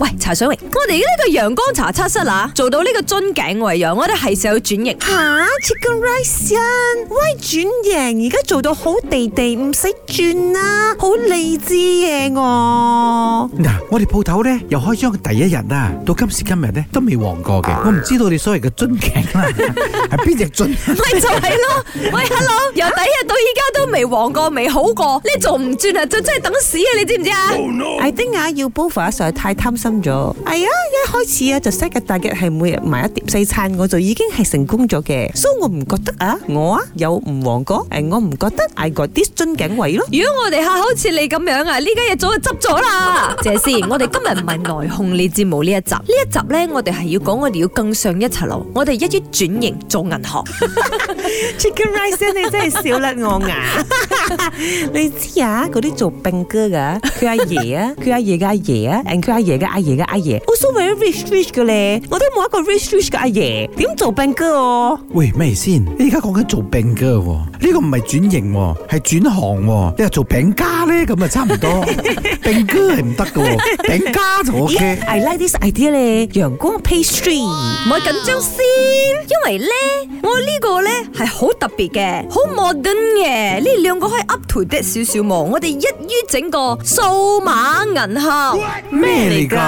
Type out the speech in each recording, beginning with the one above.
喂，茶水榮，我哋呢個陽光茶測室啊，做到呢個樽頸外揚，我哋係時候轉型。吓，切個 r i 喂轉型，而家做到好地地，唔使轉啦，好勵志嘅、啊、我。嗱，我哋鋪頭咧又開張第一日啊，到今時今日咧都未旺過嘅，ah, 我唔知道你所謂嘅樽頸啊，係邊隻樽？咪就係、是、咯，喂，hello，由第一日到依家都未旺過，未好過，你做唔轉啊，就真係等死啊，你知唔知啊？艾丁雅要煲法實在太貪心。咗係啊！一開始啊，就 set 個大嘅，係每日買一碟西餐，我就已經係成功咗嘅。所以我唔覺得啊，我啊有唔黃過誒，我唔覺得。我啲樽頸位咯。如果我哋下好似你咁樣啊，呢家嘢，早就執咗啦。謝師，我哋今日唔係內訌，你節目呢一集呢一集咧，我哋係要講我哋要更上一層樓，我哋一於轉型做銀行。Chicken Rice，你真係笑甩我牙。你知啊，嗰啲做兵哥噶，佢阿爺啊，佢阿爺嘅阿爺啊，and 佢阿爺嘅阿。爺嘅阿爺，also very rich rich 嘅咧，我都冇一個 rich rich 嘅阿爺，點做餅哥哦？喂，咩先？你而家講緊做餅哥，呢個唔係轉型，係轉行。你話做餅家咧，咁啊差唔多。餅哥係唔得嘅，餅家就 O K。I like this idea 咧，陽光 pastry，唔好緊張先。因為咧，我呢個咧係好特別嘅，好 modern 嘅。呢兩個可以 up to date 少少忙，我哋一於整個數碼銀行咩嚟噶？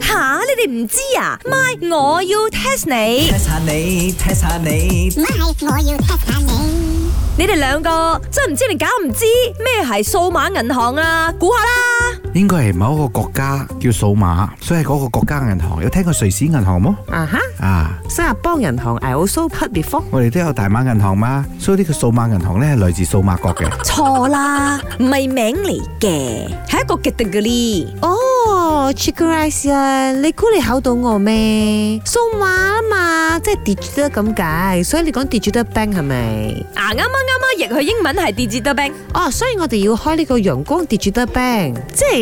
吓、啊！你哋唔知啊咪，My，我要 test 你，test 下你，test 下你，My，我要 test 下你。你哋兩個真唔知你搞唔知咩係數碼銀行啊？估下啦。應該係某一個國家叫數碼，所以係嗰個國家銀行。有聽過瑞士銀行麼？啊哈！啊，新加坡銀行 I also heard 福。我哋都有大馬銀行嘛，所以呢個數碼銀行咧係來自數碼國嘅。錯啦，唔係名嚟嘅，係一個嘅定嘅呢。哦，Chicka，你估你考到我咩？數碼啊嘛，即係 digital 咁解，所以你講 digital bank 係咪？啊啱啊啱啊，譯佢英文係 digital bank。哦，所以我哋要開呢個陽光 digital bank，即係。.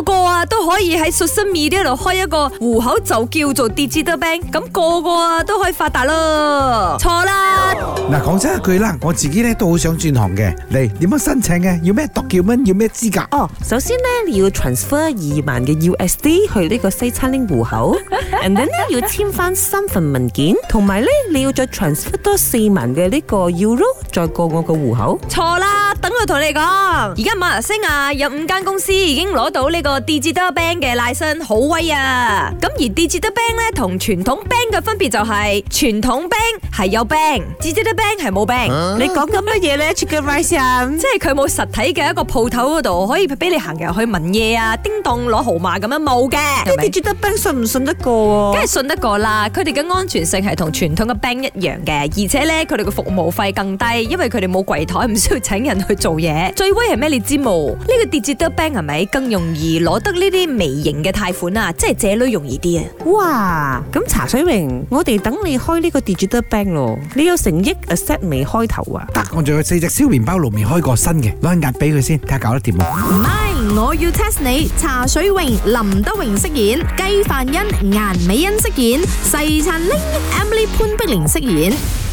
個個啊都可以喺蘇珊妮呢度開一個戶口，就叫做 Digital Bank。咁個個啊都可以發達咯。錯啦！嗱，講真一句啦，我自己咧都好想轉行嘅。嚟點樣申請嘅？要咩 document？要乜？要咩資格？哦，首先咧你要 transfer 二萬嘅 USD 去呢個西餐廳戶口，and then 咧要簽翻三份文件，同埋咧你要再 transfer 多四萬嘅呢個 Euro 再過我個戶口。錯啦！等我同你講，而家馬來西亞有五間公司已經攞到呢個。個 digital bank 嘅 license 好威啊！咁而 digital bank 咧，同傳統 bank 嘅分別就係，傳統 bank 係有 bank，digital bank 係冇 bank。你講咁乜嘢咧？cheap advice 啊！即係佢冇實體嘅一個鋪頭嗰度，可以俾你行入去聞嘢啊、叮咚攞號碼咁樣冇嘅。啲 digital bank 信唔信得過？梗係信得過啦，佢哋嘅安全性係同傳統嘅 bank 一樣嘅，而且咧佢哋嘅服務費更低，因為佢哋冇櫃台，唔需要請人去做嘢。最威係咩？你知冇？呢個 digital bank 係咪更容易？攞得呢啲微型嘅貸款啊，即係借女容易啲啊！哇！咁茶水榮，我哋等你開呢個 digital bank 咯。你有成億 asset 未開頭啊？得行，我仲有四隻燒麵包爐未開過新嘅，攞去壓俾佢先，睇下搞得掂冇，啊？唔係我要 test 你。茶水榮、林德榮飾演，雞飯欣、顏美欣飾演，細陳玲、Emily 潘碧玲飾演。